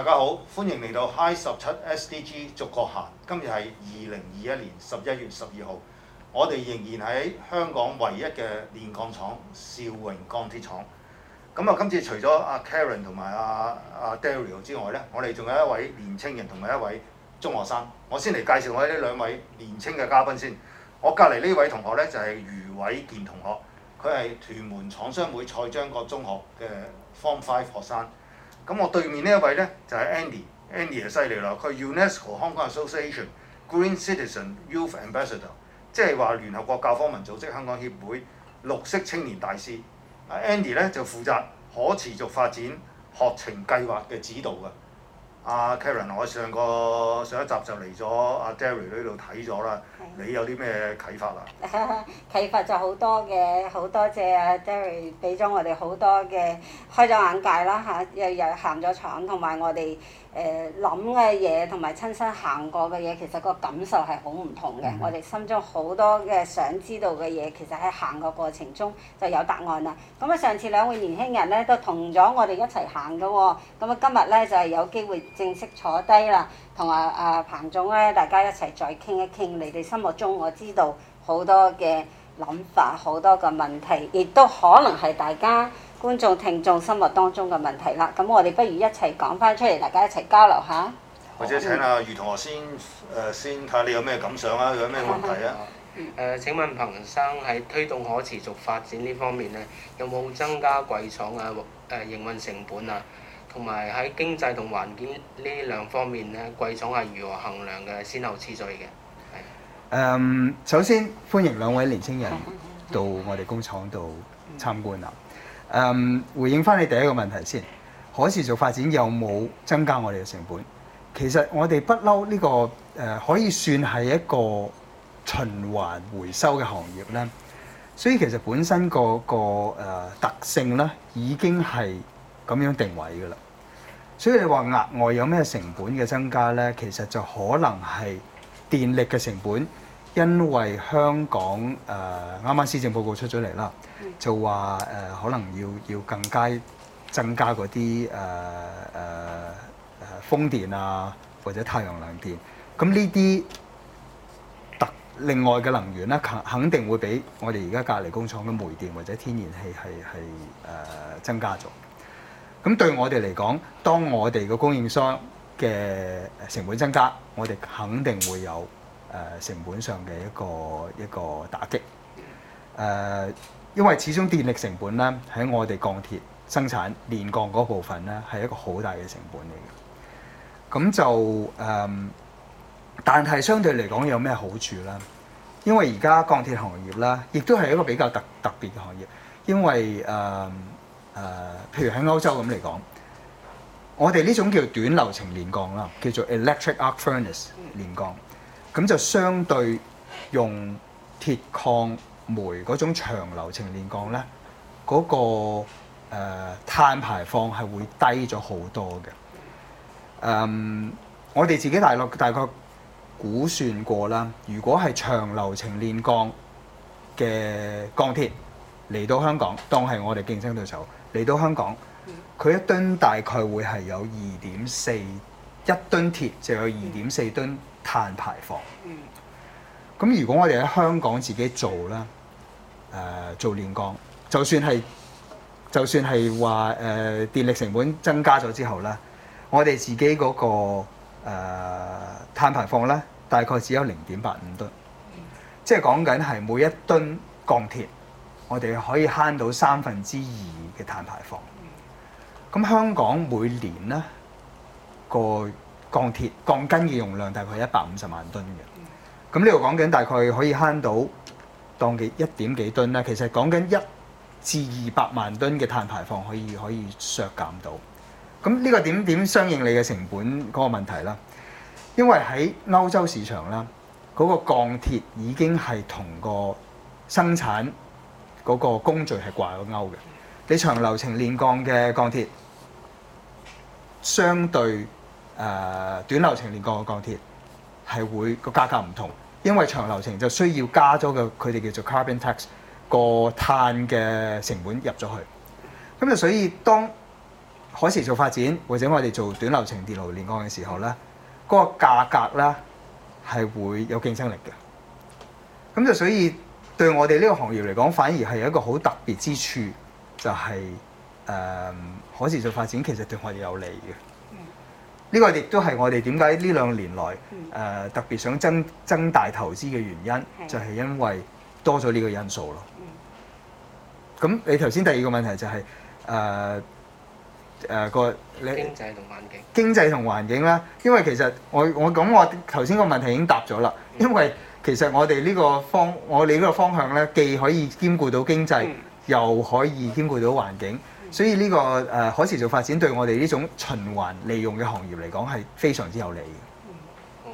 大家好，歡迎嚟到 High 十七 SDG 逐個行。今日係二零二一年十一月十二號，我哋仍然喺香港唯一嘅煉鋼廠兆榮鋼鐵廠。咁啊，今次除咗阿 Karen 同埋阿阿 Dario 之外咧，我哋仲有一位年青人同埋一位中學生。我先嚟介紹我哋呢兩位年青嘅嘉賓先。我隔籬呢位同學咧就係余偉健同學，佢係屯門廠商會蔡章閣中學嘅 Form Five 學生。咁我對面呢一位咧就係 Andy，Andy 就犀利啦，佢 UNESCO 香港 Association Green Citizen Youth Ambassador，即係話聯合國教科文組織香港協會綠色青年大使。阿 Andy 咧就負責可持續發展學程計劃嘅指導嘅。阿 Karen，我上個上一集就嚟咗阿 Darry 呢度睇咗啦，的你有啲咩啟發啊？ 啟發就好多嘅，好多謝阿、啊、Darry 俾咗我哋好多嘅開咗眼界啦嚇，又又行咗廠，同埋我哋。誒諗嘅嘢同埋親身行過嘅嘢，其實個感受係好唔同嘅。的我哋心中好多嘅想知道嘅嘢，其實喺行過嘅過程中就有答案啦。咁啊，上次兩位年輕人咧都同咗我哋一齊行嘅喎，哦，咁啊今日咧就係、是，有機會正式坐低啦，同阿阿彭總咧大家一齊再傾一傾，你哋心目中我知道好多嘅諗法，好多嘅問題，亦都可能係大家。觀眾、聽眾心目當中嘅問題啦，咁我哋不如一齊講翻出嚟，大家一齊交流下。或者請阿、啊、余同學先誒、呃、先睇下你有咩感想啊？有咩問題啊？誒、嗯嗯呃，請問彭生喺推動可持續發展呢方面呢，有冇增加貴廠啊誒營運成本啊？同埋喺經濟同環境呢兩方面呢，貴廠係如何衡量嘅先後次序嘅？誒、嗯，首先歡迎兩位年青人到我哋工廠度參觀啊！嗯嗯誒，um, 回應翻你第一個問題先，可持續發展有冇增加我哋嘅成本？其實我哋不嬲呢個誒、呃，可以算係一個循環回收嘅行業咧，所以其實本身個個、呃、特性咧，已經係咁樣定位㗎啦。所以你話額外有咩成本嘅增加咧，其實就可能係電力嘅成本。因為香港誒啱啱施政報告出咗嚟啦，嗯、就話誒、呃、可能要要更加增加嗰啲誒誒誒風電啊，或者太陽能電。咁呢啲特另外嘅能源咧，肯肯定會比我哋而家隔離工廠嘅煤電或者天然氣係係誒增加咗。咁、嗯、對我哋嚟講，當我哋嘅供應商嘅成本增加，我哋肯定會有。呃、成本上嘅一個一個打擊，誒、呃，因為始終電力成本咧喺我哋鋼鐵生產煉鋼嗰部分咧係一個好大嘅成本嚟嘅，咁就誒，但係相對嚟講有咩好處咧？因為而家鋼鐵行業咧，亦都係一個比較特特別嘅行業，因為誒誒、呃呃，譬如喺歐洲咁嚟講，我哋呢種叫短流程煉鋼啦，叫做 electric arc furnace 煉鋼。咁就相對用鐵礦煤嗰種長流程煉鋼咧，嗰、嗰個碳排放係會低咗好多嘅、嗯。我哋自己大陸大概估算過啦，如果係長流程煉鋼嘅鋼鐵嚟到香港，當係我哋競爭對手嚟到香港，佢一噸大概會係有二點四，一噸鐵就有二點四噸。嗯碳排放。咁，如果我哋喺香港自己做啦，誒，做煉鋼，就算係，就算係話誒電力成本增加咗之後咧，我哋自己嗰個誒碳排放咧，大概只有零點八五噸，即係講緊係每一噸鋼鐵，我哋可以慳到三分之二嘅碳排放。咁香港每年咧個。鋼鐵鋼筋嘅容量大概係一百五十萬噸嘅，咁呢度講緊大概可以慳到當幾一點幾噸咧。其實講緊一至二百萬噸嘅碳排放可以可以削減到。咁呢個點點相應你嘅成本嗰個問題啦。因為喺歐洲市場啦，嗰個鋼鐵已經係同個生產嗰個工序係掛咗鈎嘅。你長流程煉鋼嘅鋼鐵相對。誒、uh, 短流程煉鋼嘅鋼鐵係會個價格唔同，因為長流程就需要加咗個佢哋叫做 carbon tax 個碳嘅成本入咗去。咁就所以當可持續發展或者我哋做短流程電爐煉鋼嘅時候咧，嗰、那個價格咧係會有競爭力嘅。咁就所以對我哋呢個行業嚟講，反而係有一個好特別之處，就係、是、誒、uh, 可持續發展其實對我哋有利嘅。呢個亦都係我哋點解呢兩年來誒、嗯呃、特別想增增大投資嘅原因，是就係因為多咗呢個因素咯。咁、嗯、你頭先第二個問題就係誒誒個你經濟同環境經濟同環境啦，因為其實我我咁我頭先個問題已經答咗啦。嗯、因為其實我哋呢個方我哋呢個方向咧，既可以兼顧到經濟，嗯、又可以兼顧到環境。所以呢、呢個誒可持續發展對我哋呢種循環利用嘅行業嚟講係非常之有利嘅。嗯，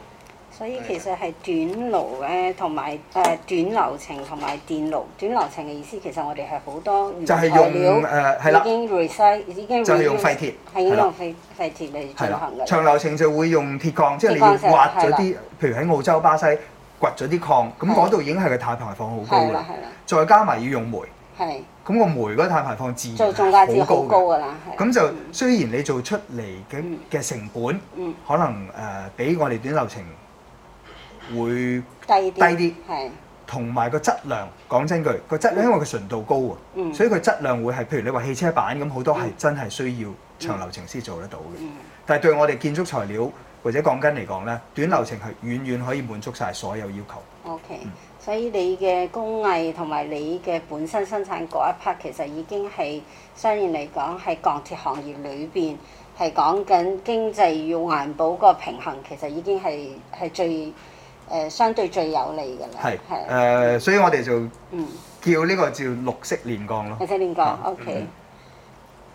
所以其實係短爐嘅，同埋誒短流程同埋電爐短流程嘅意思，其實我哋係好多原材料 ite, 就係用，誒，已經 r e 已經 use, 就係用廢鐵係用廢廢了鐵嚟進行。長流程就會用鐵礦，即係你要挖咗啲，譬如喺澳洲、巴西掘咗啲礦，咁嗰度已經係個碳排放好高啦，係啦，再加埋要用煤。 係，咁個煤嗰個碳排放自然係好高㗎喇。咁就雖然你做出嚟嘅嘅成本，可能誒比我哋短流程會低啲，係。同埋個質量，講真句，個質量因為佢純度高啊，所以佢質量會係，譬如你話汽車板咁，好多係真係需要長流程先做得到嘅。但係對我哋建築材料或者鋼筋嚟講咧，短流程係遠遠可以滿足晒所有要求。O Okay , K、嗯、所以你嘅工藝同埋你嘅本身生產嗰一 part，其實已經係相應嚟講，喺鋼鐵行業裏邊係講緊經濟要環保個平衡，其實已經係係最誒、呃、相對最有利噶啦。係係誒，所以我哋就嗯叫呢個叫綠色煉鋼咯。綠色煉鋼，O K。嗯嗯 okay.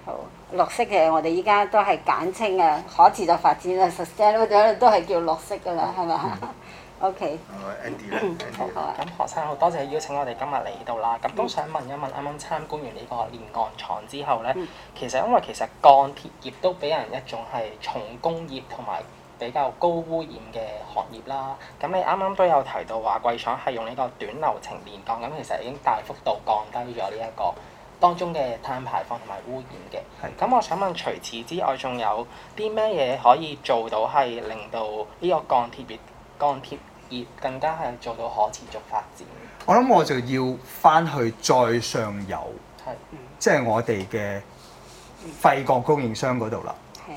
好，綠色嘅我哋依家都係簡稱啊，可持續發展啊，sustainable 都係叫綠色噶啦，係咪？嗯 O.K. Andy，好。咁何生好多謝你邀請我哋今日嚟呢度啦。咁都想問一問，啱啱參觀完呢個煉鋼廠之後咧，嗯、其實因為其實鋼鐵業都俾人一種係重工業同埋比較高污染嘅行業啦。咁你啱啱都有提到話，貴廠係用呢個短流程煉鋼，咁其實已經大幅度降低咗呢一個當中嘅碳排放同埋污染嘅。咁是我想問除此之外，仲有啲咩嘢可以做到係令到呢個鋼鐵業鋼鐵而更加係做到可持續發展。我諗我就要翻去再上游，即係、嗯、我哋嘅廢鋼供應商嗰度啦。係。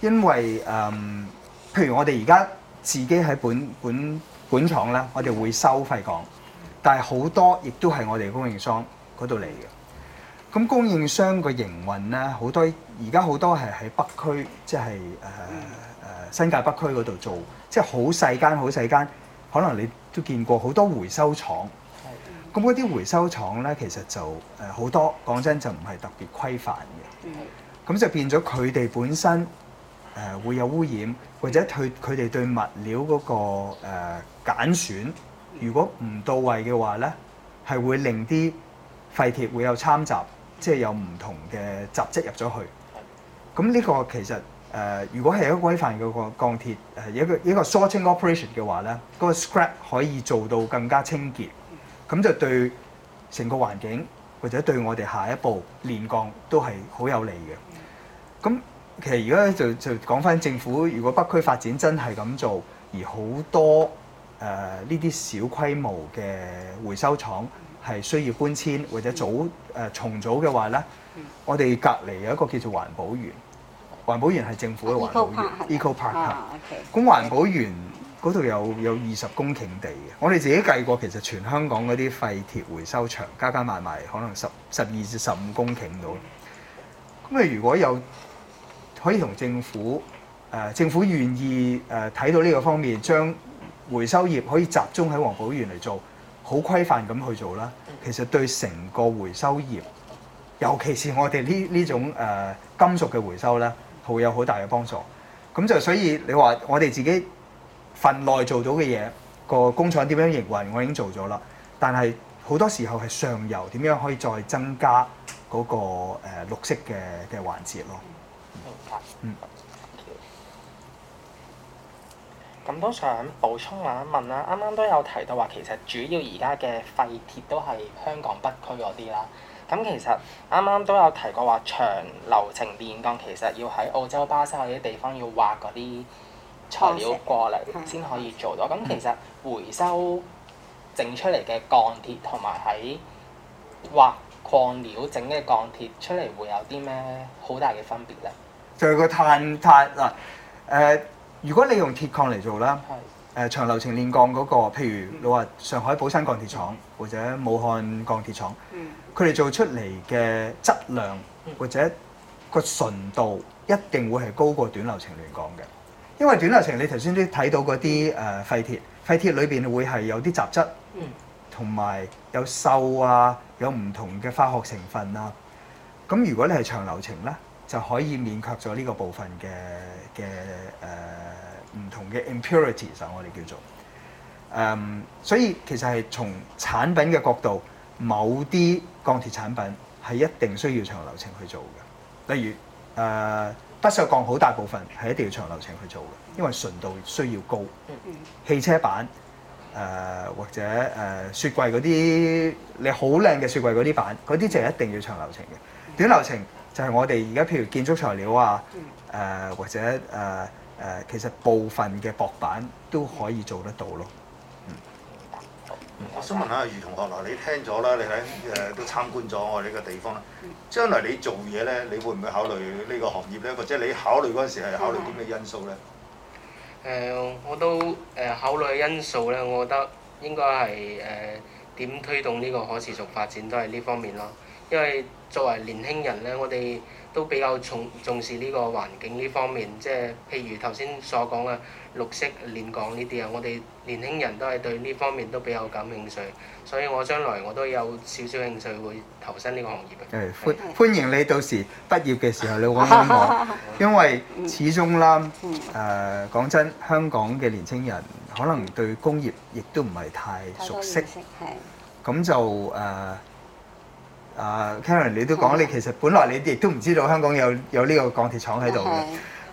因為誒、嗯，譬如我哋而家自己喺本本本廠咧，我哋會收廢鋼，但係好多亦都係我哋供應商嗰度嚟嘅。咁供應商嘅營運咧，好多而家好多係喺北區，即係誒誒新界北區嗰度做，即係好細間好細間。可能你都見過好多回收廠，咁嗰啲回收廠呢，其實就誒好多講真就唔係特別規範嘅，咁就變咗佢哋本身誒、呃、會有污染，或者佢佢哋對物料嗰、那個誒、呃、揀選，如果唔到位嘅話呢，係會令啲廢鐵會有摻雜，即係有唔同嘅雜質入咗去，咁呢個其實。誒、呃，如果係一個規範嘅鋼鋼鐵、呃、一個一個 sorting operation 嘅話咧，嗰、那個 scrap 可以做到更加清潔，咁就對成個環境或者對我哋下一步煉鋼都係好有利嘅。咁其實而家就就講翻政府，如果北區發展真係咁做，而好多誒呢啲小規模嘅回收廠係需要搬遷或者組誒、呃、重組嘅話咧，我哋隔離有一個叫做環保園。環保園係政府嘅環保園，Eco Park 係。啊，OK。咁環保園嗰度有有二十公頃地嘅，我哋自己計過，其實全香港嗰啲廢鐵回收場加加埋埋，可能十十二至十五公頃度。咁你如果有可以同政府誒、呃、政府願意誒睇、呃、到呢個方面，將回收業可以集中喺環保園嚟做，好規範咁去做啦。其實對成個回收業，尤其是我哋呢呢種誒、呃、金屬嘅回收咧。會有好大嘅幫助，咁就所以你話我哋自己份內做到嘅嘢，個工廠點樣營運，我已經做咗啦。但係好多時候係上游點樣可以再增加嗰、嗰個誒、呃、綠色嘅嘅環節咯。明白。嗯。咁 Thank you. 都想補充、啊、問一問啦，啱啱都有提到話，其實主要而家嘅廢鐵都係香港北區嗰啲啦。咁其實啱啱都有提過話長流程煉鋼，其實要喺澳洲、巴西嗰啲地方要挖嗰啲材料過嚟先可以做到。咁、嗯、其實回收整出嚟嘅鋼鐵同埋喺挖礦料整嘅鋼鐵出嚟，會有啲咩好大嘅分別咧？就係個碳碳嗱誒、呃，如果你用鐵礦嚟做啦。係。誒、呃、長流程煉鋼嗰、那個，譬如你話上海寶山鋼鐵廠或者武漢鋼鐵廠，佢哋、嗯、做出嚟嘅質量或者個純度一定會係高過短流程煉鋼嘅，因為短流程你頭先都睇到嗰啲誒廢鐵，廢鐵裏邊會係有啲雜質，同埋有鏽啊，有唔同嘅化學成分啊，咁如果你係長流程呢，就可以勉強咗呢個部分嘅嘅誒。唔同嘅 impurities，就我哋叫做誒，um, 所以其實係從產品嘅角度，某啲鋼鐵產品係一定需要長流程去做嘅。例如誒、uh, 不鏽鋼好大部分係一定要長流程去做嘅，因為純度需要高。汽車板誒、uh, 或者誒、uh, 雪櫃嗰啲你好靚嘅雪櫃嗰啲板，嗰啲就係一定要長流程嘅。短流程就係我哋而家譬如建築材料啊誒、uh, 或者誒。Uh, 誒，其實部分嘅薄板都可以做得到咯、嗯。嗯、我想問下余同學啦，你聽咗啦，你睇誒都參觀咗我哋呢個地方啦。將來你做嘢呢，你會唔會考慮呢個行業呢？或者你考慮嗰陣時係考慮啲咩因素呢、嗯？我都考慮因素呢，我覺得應該係誒點推動呢個可持續發展都係呢方面咯。因為作為年輕人呢，我哋，都比較重重視呢個環境呢方面，即係譬如頭先所講嘅綠色煉鋼呢啲啊，我哋年輕人都係對呢方面都比較感興趣，所以我將來我都有少少興趣會投身呢個行業嘅。誒、嗯，歡是歡迎你到時畢業嘅時候你揾我，因為始終啦，誒、呃、講真，香港嘅年輕人可能對工業亦都唔係太熟悉，係。咁就誒。啊、uh，Karen，你都講，的你其實本來你哋都唔知道香港有有呢個鋼鐵廠喺度，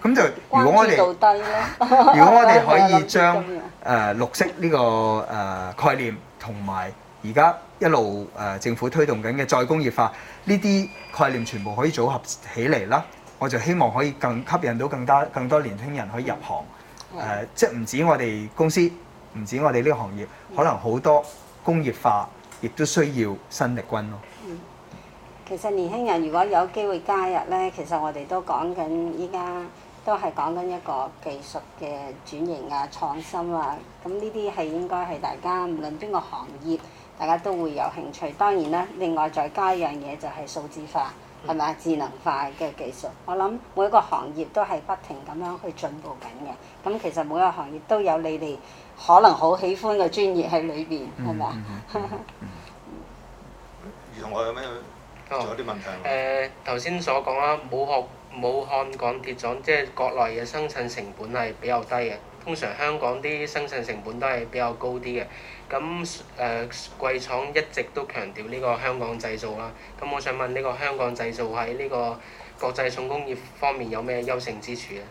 咁就如果我哋 如果我哋可以將誒、 呃、綠色呢、這個誒、呃、概念同埋而家一路誒、呃、政府推動緊嘅再工業化呢啲概念全部可以組合起嚟啦，我就希望可以更吸引到更加更多年輕人可以入行，誒，即係唔止我哋公司，唔止我哋呢個行業，可能好多工業化亦都需要新力軍咯。其實年輕人如果有機會加入呢，其實我哋都講緊依家都係講緊一個技術嘅轉型啊、創新啊，咁呢啲係應該係大家唔論邊個行業，大家都會有興趣。當然啦，另外再加一樣嘢就係數字化，係咪？智能化嘅技術，我諗每一個行業都係不停咁樣去進步緊嘅。咁其實每一個行業都有你哋可能好喜歡嘅專業喺裏邊，係咪啊？同有啲問題、呃。誒，頭先所講啦，武學、武漢港鐵廠即係國內嘅生產成本係比較低嘅，通常香港啲生產成本都係比較高啲嘅。咁誒、呃，貴廠一直都強調呢個香港製造啦。咁我想問呢個香港製造喺呢個國際重工業方面有咩優勝之處咧？誒、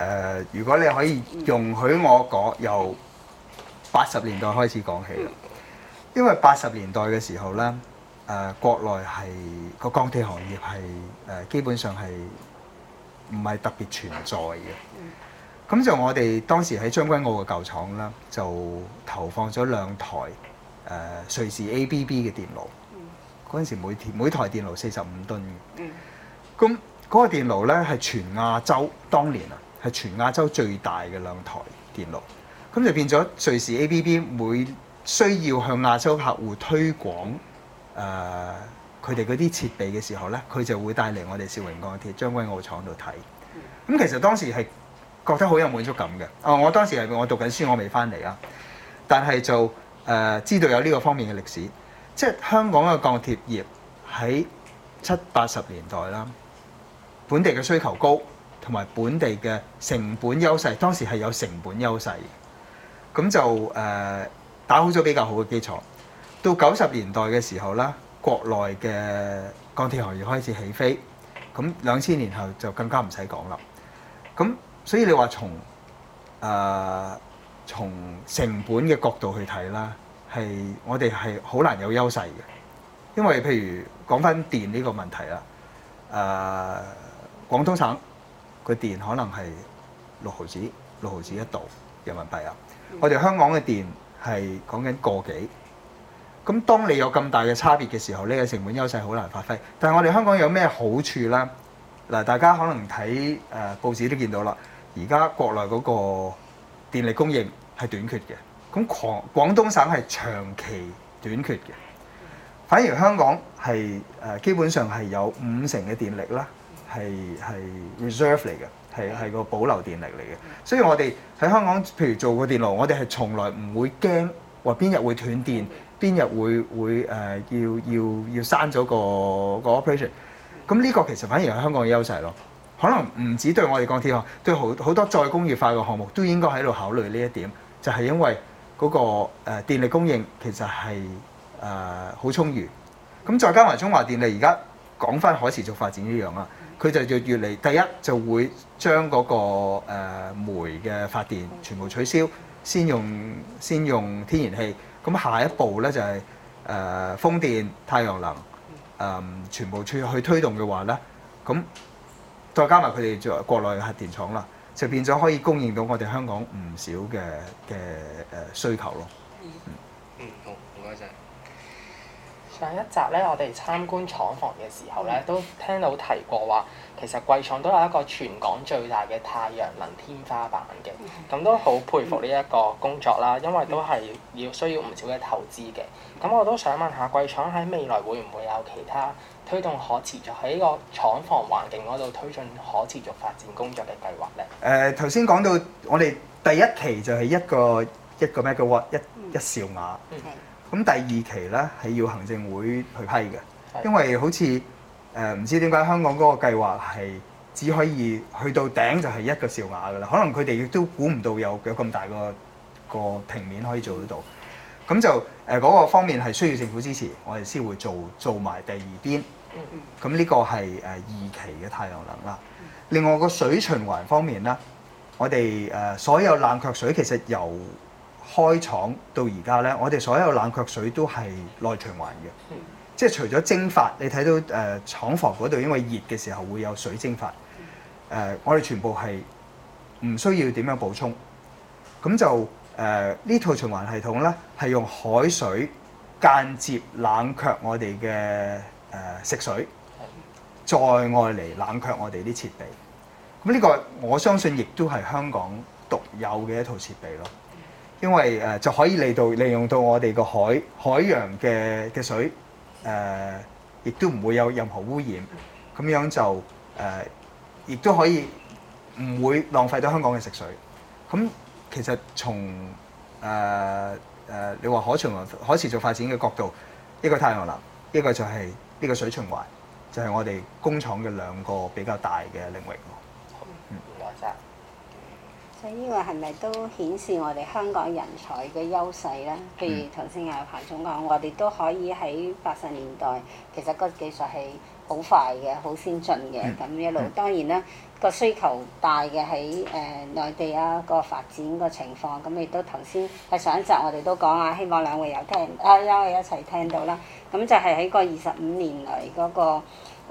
呃，如果你可以容許我講由八十年代開始講起啦，因為八十年代嘅時候咧。誒、呃、國內係個鋼鐵行業係誒、呃、基本上係唔係特別存在嘅。咁、嗯、就我哋當時喺將軍澳嘅舊廠啦，就投放咗兩台誒、呃、瑞士 ABB 嘅電爐。嗰陣、嗯、時每每台電爐四十五噸。咁嗰、嗯、個電爐咧係全亞洲當年啊，係全亞洲最大嘅兩台電爐。咁就變咗瑞士 ABB 每需要向亞洲客戶推廣。誒佢哋嗰啲設備嘅時候呢，佢就會帶嚟我哋兆榮鋼鐵將軍澳廠度睇。咁、嗯、其實當時係覺得好有滿足感嘅。哦，我當時係我讀緊書，我未翻嚟啊。但係就誒、呃、知道有呢個方面嘅歷史，即係香港嘅鋼鐵業喺七八十年代啦，本地嘅需求高，同埋本地嘅成本優勢，當時係有成本優勢，咁就誒、呃、打好咗比較好嘅基礎。到九十年代嘅時候啦，國內嘅鋼鐵行業開始起飛，咁兩千年後就更加唔使講啦。咁所以你話從誒、呃、從成本嘅角度去睇啦，係我哋係好難有優勢嘅，因為譬如講返電呢個問題啦，誒、呃、廣東省個電可能係六毫子六毫子一度人民幣啊，嗯、我哋香港嘅電係講緊個幾。咁當你有咁大嘅差別嘅時候，呢個成本優勢好難發揮。但係我哋香港有咩好處呢？嗱，大家可能睇誒報紙都見到啦。而家國內嗰個電力供應係短缺嘅，咁廣廣東省係長期短缺嘅，反而香港係誒基本上係有五成嘅電力啦，係係 reserve 嚟嘅，係係個保留電力嚟嘅。所以我哋喺香港，譬如做個電路，我哋係從來唔會驚話邊日會斷電。邊日會會誒、呃、要要要刪咗個個 operation？咁呢個其實反而係香港嘅優勢咯。可能唔止對我哋鋼鐵行，對好好多再工業化嘅項目都應該喺度考慮呢一點。就係、是、因為嗰、那個誒、呃、電力供應其實係誒好充裕。咁再加埋中華電力而家講翻可持續發展呢樣啊，佢就要越嚟第一就會將嗰、那個、呃、煤嘅發電全部取消，先用先用，先用天然氣。咁下一步呢，就係、是、誒、呃、風電、太陽能，呃、全部處去推動嘅話呢，咁再加埋佢哋做國內嘅核電廠啦，就變咗可以供應到我哋香港唔少嘅嘅誒需求咯。呃、嗯，嗯，好，唔該晒。上一集咧，我哋參觀廠房嘅時候咧，都聽到提過話，其實貴廠都有一個全港最大嘅太陽能天花板嘅，咁都好佩服呢一個工作啦，因為都係要需要唔少嘅投資嘅。咁我都想問下貴廠喺未來會唔會有其他推動可持續喺呢個廠房環境嗰度推進可持續發展工作嘅計劃咧？誒、呃，頭先講到我哋第一期就係一個一個 mega watt 一兆瓦。嗯咁第二期咧，係要行政會去批嘅，因為好似誒，唔知點解香港嗰個計劃係只可以去到頂就係一個兆瓦㗎啦，可能佢哋亦都估唔到有有咁大個個平面可以做得到，咁就誒，嗰個方面係需要政府支持，我哋先會做做埋第二邊。咁呢個係誒二期嘅太陽能啦。另外個水循環方面咧，我哋誒所有冷卻水其實由開廠到而家呢，我哋所有冷卻水都係內循環嘅，即係除咗蒸發，你睇到誒、呃、廠房嗰度，因為熱嘅時候會有水蒸發。呃、我哋全部係唔需要點樣補充，咁就誒呢、呃、套循環系統呢，係用海水間接冷卻我哋嘅、呃、食水，再外嚟冷卻我哋啲設備。咁呢個我相信亦都係香港獨有嘅一套設備咯。因為誒、呃、就可以嚟到利用到我哋個海海洋嘅嘅水誒、呃，亦都唔會有任何污染，咁樣就誒、呃、亦都可以唔會浪費到香港嘅食水。咁、嗯、其實從誒誒你話可循環可持續發展嘅角度，一個太陽能，一個就係呢個水循環，就係、是、我哋工廠嘅兩個比較大嘅領域咯。好、嗯，唔該曬。呢個係咪都顯示我哋香港人才嘅優勢咧？譬如頭先阿彭總講，我哋都可以喺八十年代，其實個技術係好快嘅、好先進嘅，咁一路當然啦，個需求大嘅喺誒內地啊個發展個情況，咁亦都頭先喺上一集我哋都講啊，希望兩位有聽啊，啱啱一齊聽到啦，咁就係喺個二十五年嚟嗰個。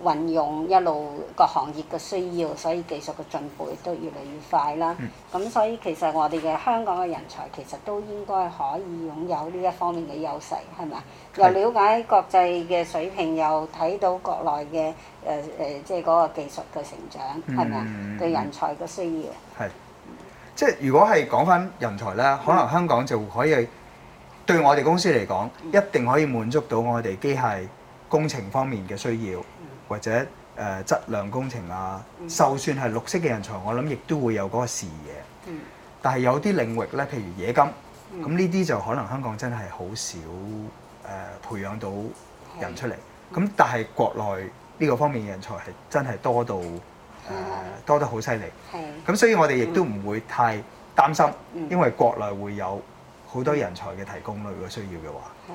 運用一路各行業嘅需要，所以技術嘅進步亦都越嚟越快啦。咁、嗯、所以其實我哋嘅香港嘅人才其實都應該可以擁有呢一方面嘅優勢，係咪？又了解國際嘅水平，是又睇到國內嘅誒誒，即係嗰個技術嘅成長，係咪啊？對人才嘅需要係，即係如果係講翻人才啦，可能香港就可以、嗯、對我哋公司嚟講，一定可以滿足到我哋機械工程方面嘅需要。或者誒、呃、質量工程啊，就、嗯、算係綠色嘅人才，我諗亦都會有嗰個視野。嗯、但係有啲領域咧，譬如冶金，咁呢啲就可能香港真係好少誒、呃、培養到人出嚟。咁、嗯、但係國內呢個方面嘅人才係真係多到誒、呃、多得好犀利。係、嗯。咁所以我哋亦都唔會太擔心，嗯、因為國內會有好多人才嘅提供咯。如果需要嘅話。係，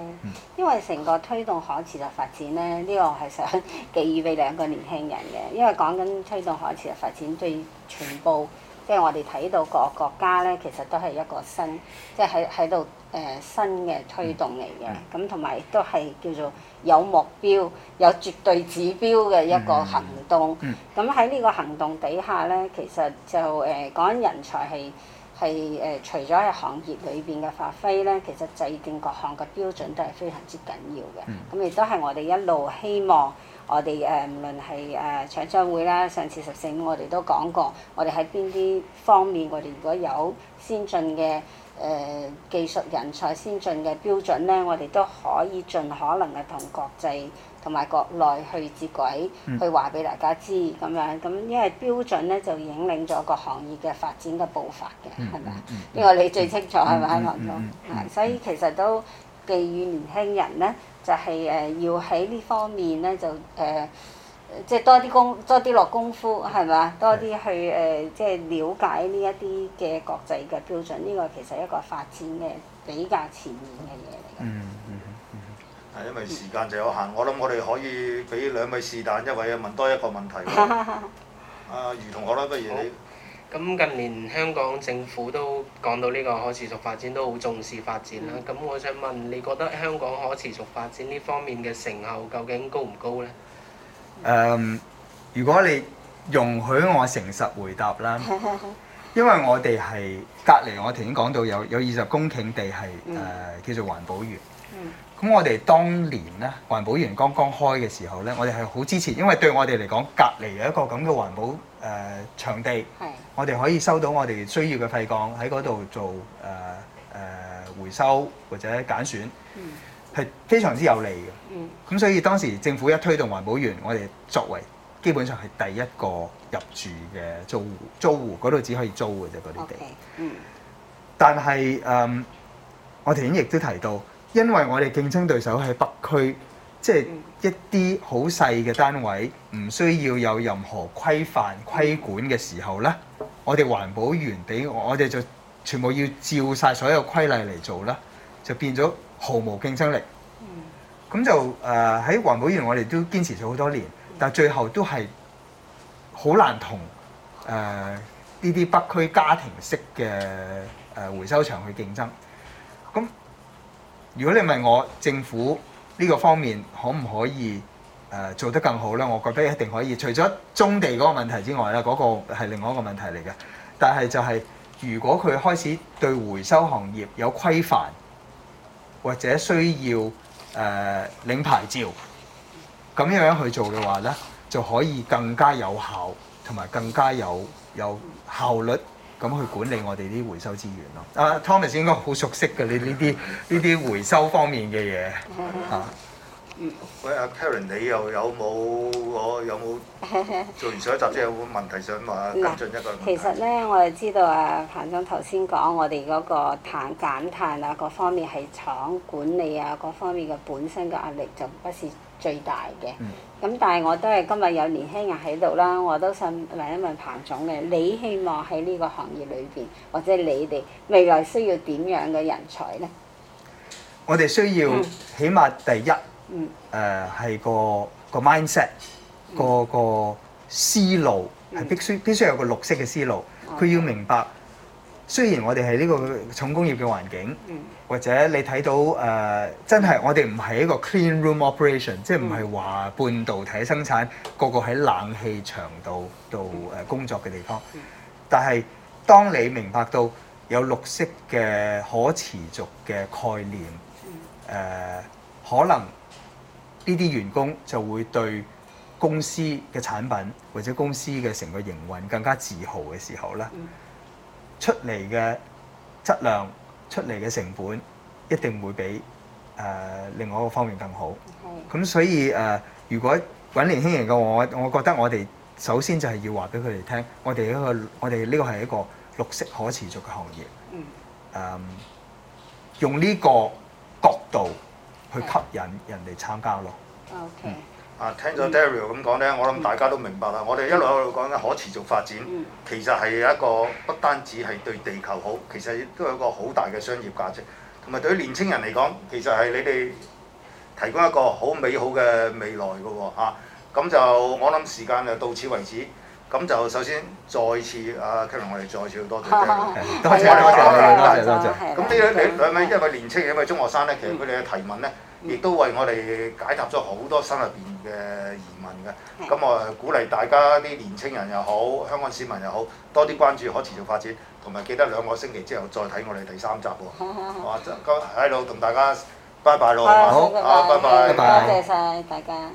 因為成個推動可持續發展咧，呢、這個係想寄語俾兩個年輕人嘅。因為講緊推動可持續發展，對全部，即係我哋睇到各個國家咧，其實都係一個新，即係喺喺度誒新嘅推動嚟嘅。咁同埋都係叫做有目標、有絕對指標嘅一個行動。咁喺呢個行動底下咧，其實就誒講、呃、人才係。係誒、呃，除咗喺行業裏邊嘅發揮咧，其實制定各項嘅標準都係非常之緊要嘅。咁亦、嗯、都係我哋一路希望我，我哋誒唔論係誒、呃、搶章會啦，上次十四五我哋都講過，我哋喺邊啲方面，我哋如果有先進嘅誒、呃、技術人才、先進嘅標準咧，我哋都可以盡可能嘅同國際。同埋國內去接軌，嗯、去話俾大家知咁樣，咁、嗯、因為標準咧就引領咗個行業嘅發展嘅步伐嘅，係咪？呢個你最清楚係咪啊，朋友？所以其實都寄予年輕人咧，就係、是、誒要喺呢方面咧就誒、呃，即係多啲功多啲落功夫，係咪啊？多啲去誒，即係瞭解呢一啲嘅國際嘅標準，呢個、嗯嗯、其實一個發展嘅比較前面嘅嘢嚟嘅。嗯。嗯。因為時間就有限，我諗我哋可以俾兩位是但，一位問多一個問題。阿余同學啦，不如你。咁近年香港政府都講到呢個可持續發展都好重視發展啦。咁、嗯、我想問，你覺得香港可持續發展呢方面嘅成效究竟高唔高呢？誒、嗯，如果你容許我誠實回答啦，因為我哋係隔離，我頭先講到有有二十公頃地係誒、呃、叫做環保園。咁我哋當年咧，環保園剛剛開嘅時候呢，我哋係好支持，因為對我哋嚟講，隔籬有一個咁嘅環保誒場地，我哋可以收到我哋需要嘅廢鋼喺嗰度做誒誒回收或者揀選，係非常之有利嘅。咁所以當時政府一推動環保園，我哋作為基本上係第一個入住嘅租戶，租戶，嗰度只可以租嘅啫，嗰啲地。嗯。但係誒，我頭先亦都提到。因為我哋競爭對手喺北區，即係一啲好細嘅單位，唔需要有任何規範、規管嘅時候呢，我哋環保園俾我哋就全部要照晒所有規例嚟做啦，就變咗毫無競爭力。咁就誒喺環保園，我哋都堅持咗好多年，但最後都係好難同誒呢啲北區家庭式嘅誒回收場去競爭。咁如果你問我政府呢個方面可唔可以誒、呃、做得更好呢？我覺得一定可以。除咗中地嗰個問題之外咧，嗰、那個係另外一個問題嚟嘅。但係就係、是、如果佢開始對回收行業有規範，或者需要誒、呃、領牌照，咁樣樣去做嘅話呢就可以更加有效同埋更加有有效率。咁去管理我哋啲回收資源咯。啊、uh, Thomas 應該好熟悉嘅呢呢啲呢啲回收方面嘅嘢嚇。 啊喂，阿 Karen，你又有冇我有冇做完上一集之後，有冇問題想話跟進一個？ 其實咧，我係知道啊，彭總頭先講，我哋嗰個碳減碳啊，各方面係廠管理啊，各方面嘅本身嘅壓力就不是最大嘅。咁、嗯、但係我都係今日有年輕人喺度啦，我都想問一問彭總嘅，你希望喺呢個行業裏邊或者你哋未來需要點樣嘅人才咧？我哋需要，起碼第一。嗯嗯誒，係、嗯呃、個個 mindset，、嗯、個個思路係、嗯、必須必須有個綠色嘅思路。佢、嗯、要明白，雖然我哋係呢個重工業嘅環境，嗯、或者你睇到誒、呃、真係我哋唔係一個 clean room operation，、嗯、即係唔係話半導體生產個個喺冷氣場度度誒工作嘅地方。嗯嗯嗯、但係當你明白到有綠色嘅可持續嘅概念，誒、呃，可能。呢啲員工就會對公司嘅產品，或者公司嘅成個營運更加自豪嘅時候咧，出嚟嘅質量、出嚟嘅成本一定會比誒另外一個方面更好。咁所以誒，如果揾年輕人嘅話，我，我覺得我哋首先就係要話俾佢哋聽，我哋一個我哋呢個係一個綠色可持續嘅行業。誒，用呢個角度。去吸引人哋參加咯。Okay. 嗯。啊，聽咗 Dario 咁講呢，我諗大家都明白啦。嗯、我哋一路喺度講緊可持續發展，其實係一個不單止係對地球好，其實亦都有一個好大嘅商業價值。同埋對於年青人嚟講，其實係你哋提供一個好美好嘅未來嘅喎。咁就我諗時間就到此為止。咁就首先再次啊 Kelvin 我哋再次要多謝，多謝，多謝，多謝，多謝。咁呢兩兩位，一位年青，一位中學生咧，其實佢哋嘅提問咧，亦都為我哋解答咗好多心入邊嘅疑問嘅。咁我鼓勵大家啲年青人又好，香港市民又好，多啲關注可持續發展，同埋記得兩個星期之後再睇我哋第三集喎。好啊，好啊，咁喺度同大家拜拜咯，好，拜拜，多謝晒大家。